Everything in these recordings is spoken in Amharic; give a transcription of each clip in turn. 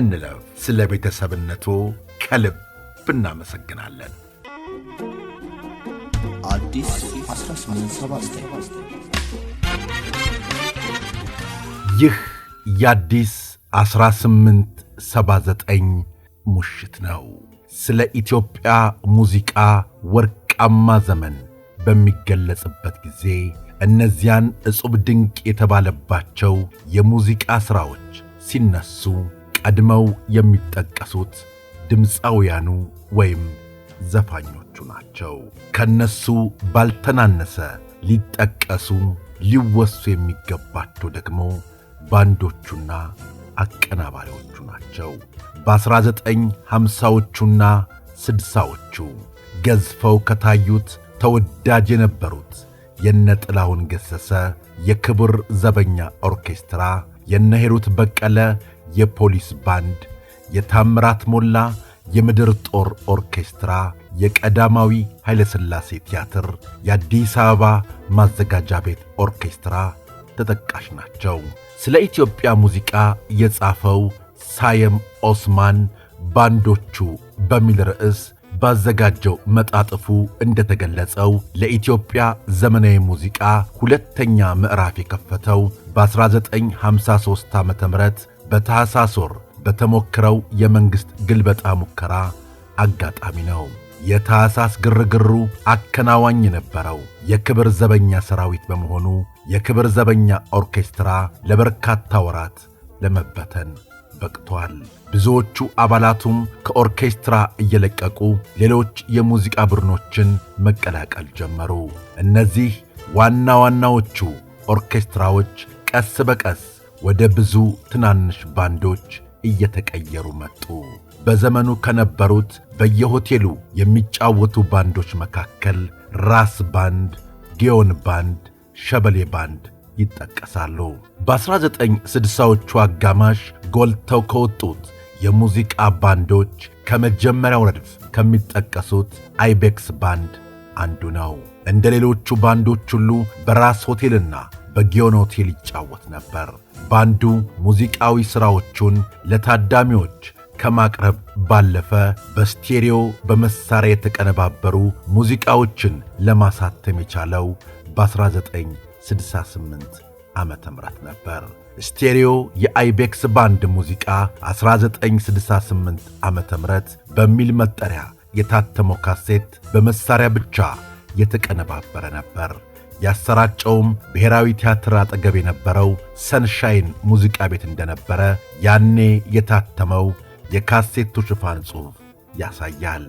እንለፍ። ስለ ቤተሰብነቱ ከልብ እናመሰግናለን። ይህ የአዲስ 1879 ሙሽት ነው። ስለ ኢትዮጵያ ሙዚቃ ወርቃማ ዘመን በሚገለጽበት ጊዜ እነዚያን ዕጹብ ድንቅ የተባለባቸው የሙዚቃ ሥራዎች ሲነሱ ቀድመው የሚጠቀሱት ድምፃውያኑ ወይም ዘፋኞቹ ናቸው። ከነሱ ባልተናነሰ ሊጠቀሱ ሊወሱ የሚገባቸው ደግሞ ባንዶቹና አቀናባሪዎቹ ናቸው። በ1950ዎቹና 60 ገዝፈው ከታዩት ተወዳጅ የነበሩት የነ ጥላሁን ገሰሰ የክብር ዘበኛ ኦርኬስትራ፣ የነ ሄሩት በቀለ የፖሊስ ባንድ፣ የታምራት ሞላ የምድር ጦር ኦርኬስትራ፣ የቀዳማዊ ኃይለሥላሴ ቲያትር፣ የአዲስ አበባ ማዘጋጃ ቤት ኦርኬስትራ ተጠቃሽ ናቸው። ስለ ኢትዮጵያ ሙዚቃ የጻፈው ሳየም ኦስማን ባንዶቹ በሚል ርዕስ ባዘጋጀው መጣጥፉ እንደተገለጸው ለኢትዮጵያ ዘመናዊ ሙዚቃ ሁለተኛ ምዕራፍ የከፈተው በ1953 ም በታኅሳስ ወር በተሞክረው የመንግሥት ግልበጣ ሙከራ አጋጣሚ ነው። የታሳስ ግርግሩ አከናዋኝ የነበረው የክብር ዘበኛ ሰራዊት በመሆኑ የክብር ዘበኛ ኦርኬስትራ ለበርካታ ወራት ለመበተን በቅቷል። ብዙዎቹ አባላቱም ከኦርኬስትራ እየለቀቁ ሌሎች የሙዚቃ ቡድኖችን መቀላቀል ጀመሩ። እነዚህ ዋና ዋናዎቹ ኦርኬስትራዎች ቀስ በቀስ ወደ ብዙ ትናንሽ ባንዶች እየተቀየሩ መጡ። በዘመኑ ከነበሩት በየሆቴሉ የሚጫወቱ ባንዶች መካከል ራስ ባንድ፣ ዲዮን ባንድ፣ ሸበሌ ባንድ ይጠቀሳሉ። በ1960ዎቹ አጋማሽ ጎልተው ከወጡት የሙዚቃ ባንዶች ከመጀመሪያው ረድፍ ከሚጠቀሱት አይቤክስ ባንድ አንዱ ነው። እንደ ሌሎቹ ባንዶች ሁሉ በራስ ሆቴልና በጊዮን ሆቴል ይጫወት ነበር። ባንዱ ሙዚቃዊ ሥራዎቹን ለታዳሚዎች ከማቅረብ ባለፈ በስቴሪዮ በመሳሪያ የተቀነባበሩ ሙዚቃዎችን ለማሳተም የቻለው በ1968 ዓ ም ነበር። ስቴሪዮ የአይቤክስ ባንድ ሙዚቃ 1968 ዓ ም በሚል መጠሪያ የታተመው ካሴት በመሳሪያ ብቻ የተቀነባበረ ነበር። ያሰራጨውም ብሔራዊ ቲያትር አጠገብ የነበረው ሰንሻይን ሙዚቃ ቤት እንደነበረ ያኔ የታተመው የካሴቱ ሽፋን ጽሑፍ ያሳያል።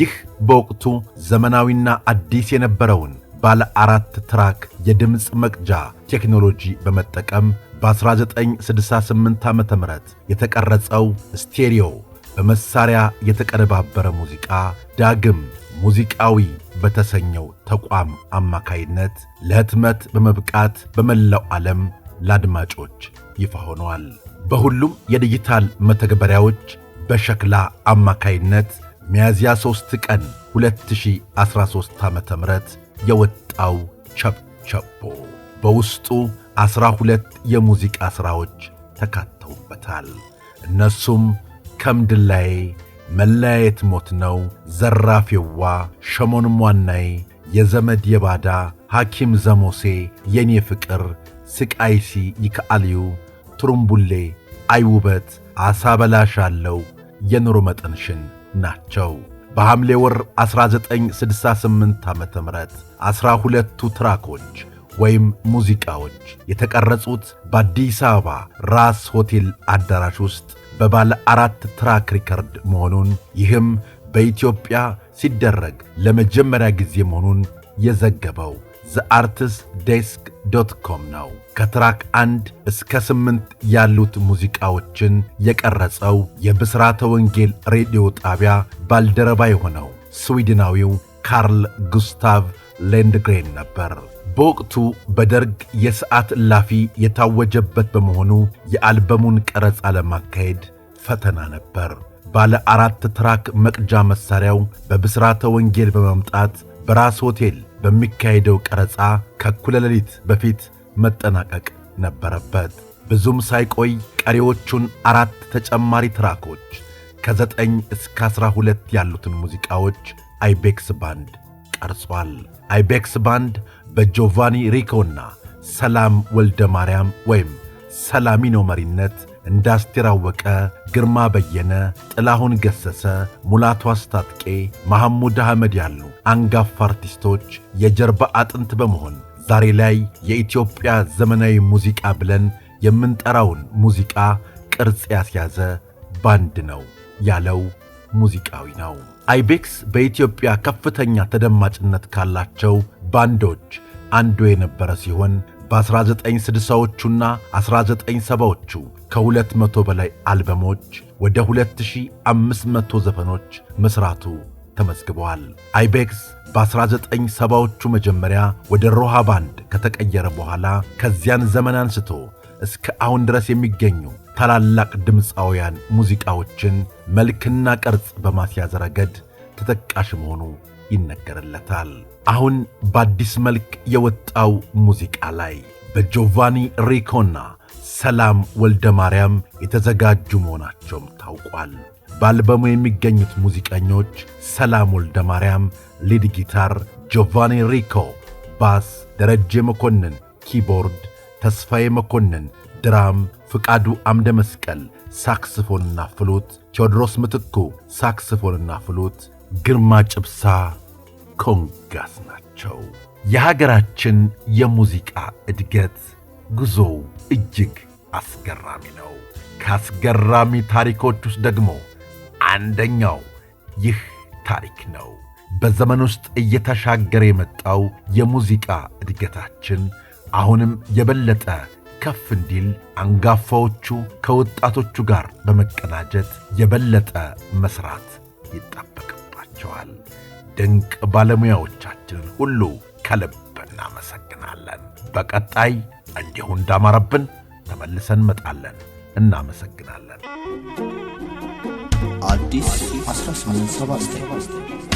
ይህ በወቅቱ ዘመናዊና አዲስ የነበረውን ባለ አራት ትራክ የድምፅ መቅጃ ቴክኖሎጂ በመጠቀም በ1968 ዓ ም የተቀረጸው ስቴሪዮ በመሳሪያ የተቀነባበረ ሙዚቃ ዳግም ሙዚቃዊ በተሰኘው ተቋም አማካይነት ለህትመት በመብቃት በመላው ዓለም ለአድማጮች ይፋ ሆነዋል። በሁሉም የዲጂታል መተግበሪያዎች በሸክላ አማካይነት ሚያዝያ 3 ቀን 2013 ዓ.ም የወጣው ቸብቸቦ በውስጡ 12 የሙዚቃ ሥራዎች ተካተውበታል። እነሱም ከምድላይ መለያየት ሞት ነው፣ የዋ ሸሞን ሟናይ፣ የዘመድ የባዳ ሐኪም ዘሞሴ፣ የኔ ፍቅር፣ ስቃይሲ ይከአልዩ፣ ቱሩምቡሌ፣ አይውበት፣ አሳ በላሽ አለው፣ የኑሮ መጠንሽን ናቸው። በሐምሌ ወር 1968 ዓ ም ዐሥራ ሁለቱ ትራኮች ወይም ሙዚቃዎች የተቀረጹት በአዲስ አበባ ራስ ሆቴል አዳራሽ ውስጥ በባለ አራት ትራክ ሪከርድ መሆኑን ይህም በኢትዮጵያ ሲደረግ ለመጀመሪያ ጊዜ መሆኑን የዘገበው ዘ አርቲስት ዴስክ ዶት ኮም ነው። ከትራክ አንድ እስከ ስምንት ያሉት ሙዚቃዎችን የቀረጸው የብስራተ ወንጌል ሬዲዮ ጣቢያ ባልደረባ የሆነው ስዊድናዊው ካርል ጉስታቭ ሌንድግሬን ነበር። በወቅቱ በደርግ የሰዓት እላፊ የታወጀበት በመሆኑ የአልበሙን ቀረጻ ለማካሄድ ፈተና ነበር። ባለ አራት ትራክ መቅጃ መሣሪያው በብስራተ ወንጌል በመምጣት በራስ ሆቴል በሚካሄደው ቀረጻ ከእኩለ ሌሊት በፊት መጠናቀቅ ነበረበት። ብዙም ሳይቆይ ቀሪዎቹን አራት ተጨማሪ ትራኮች ከዘጠኝ እስከ 12 ሁለት ያሉትን ሙዚቃዎች አይቤክስ ባንድ ቀርጿል። አይቤክስ ባንድ በጆቫኒ ሪኮና ሰላም ወልደ ማርያም ወይም ሰላሚኖ መሪነት እንደ አወቀ፣ ግርማ በየነ፣ ጥላሁን ገሰሰ፣ ሙላቱ አስታጥቄ፣ መሐሙድ አህመድ ያሉ አንጋፋ አርቲስቶች የጀርባ አጥንት በመሆን ዛሬ ላይ የኢትዮጵያ ዘመናዊ ሙዚቃ ብለን የምንጠራውን ሙዚቃ ቅርጽ ያስያዘ ባንድ ነው ያለው ሙዚቃዊ ነው። አይቤክስ በኢትዮጵያ ከፍተኛ ተደማጭነት ካላቸው ባንዶች አንዱ የነበረ ሲሆን በ1960ዎቹና 1970ዎቹ ከ200 በላይ አልበሞች ወደ 2500 ዘፈኖች መስራቱ ተመዝግበዋል። አይቤክስ በ1970ዎቹ መጀመሪያ ወደ ሮሃ ባንድ ከተቀየረ በኋላ ከዚያን ዘመን አንስቶ እስከ አሁን ድረስ የሚገኙ ታላላቅ ድምፃውያን ሙዚቃዎችን መልክና ቅርጽ በማስያዝ ረገድ ተጠቃሽ መሆኑ ይነገርለታል። አሁን በአዲስ መልክ የወጣው ሙዚቃ ላይ በጆቫኒ ሪኮና ሰላም ወልደ ማርያም የተዘጋጁ መሆናቸውም ታውቋል። በአልበሙ የሚገኙት ሙዚቀኞች ሰላም ወልደ ማርያም ሊድ ጊታር፣ ጆቫኒ ሪኮ ባስ፣ ደረጀ መኮንን ኪቦርድ፣ ተስፋዬ መኮንን ድራም ፍቃዱ አምደ መስቀል ሳክስፎንና ፍሉት፣ ቴዎድሮስ ምትኩ ሳክስፎንና ፍሉት፣ ግርማ ጭብሳ ኮንጋስ ናቸው። የሀገራችን የሙዚቃ እድገት ጉዞው እጅግ አስገራሚ ነው። ከአስገራሚ ታሪኮች ውስጥ ደግሞ አንደኛው ይህ ታሪክ ነው። በዘመን ውስጥ እየተሻገረ የመጣው የሙዚቃ እድገታችን አሁንም የበለጠ ከፍ እንዲል አንጋፋዎቹ ከወጣቶቹ ጋር በመቀናጀት የበለጠ መስራት ይጠበቅባቸዋል። ድንቅ ባለሙያዎቻችንን ሁሉ ከልብ እናመሰግናለን። በቀጣይ እንዲሁ እንዳማረብን ተመልሰን መጣለን። እናመሰግናለን። አዲስ 1879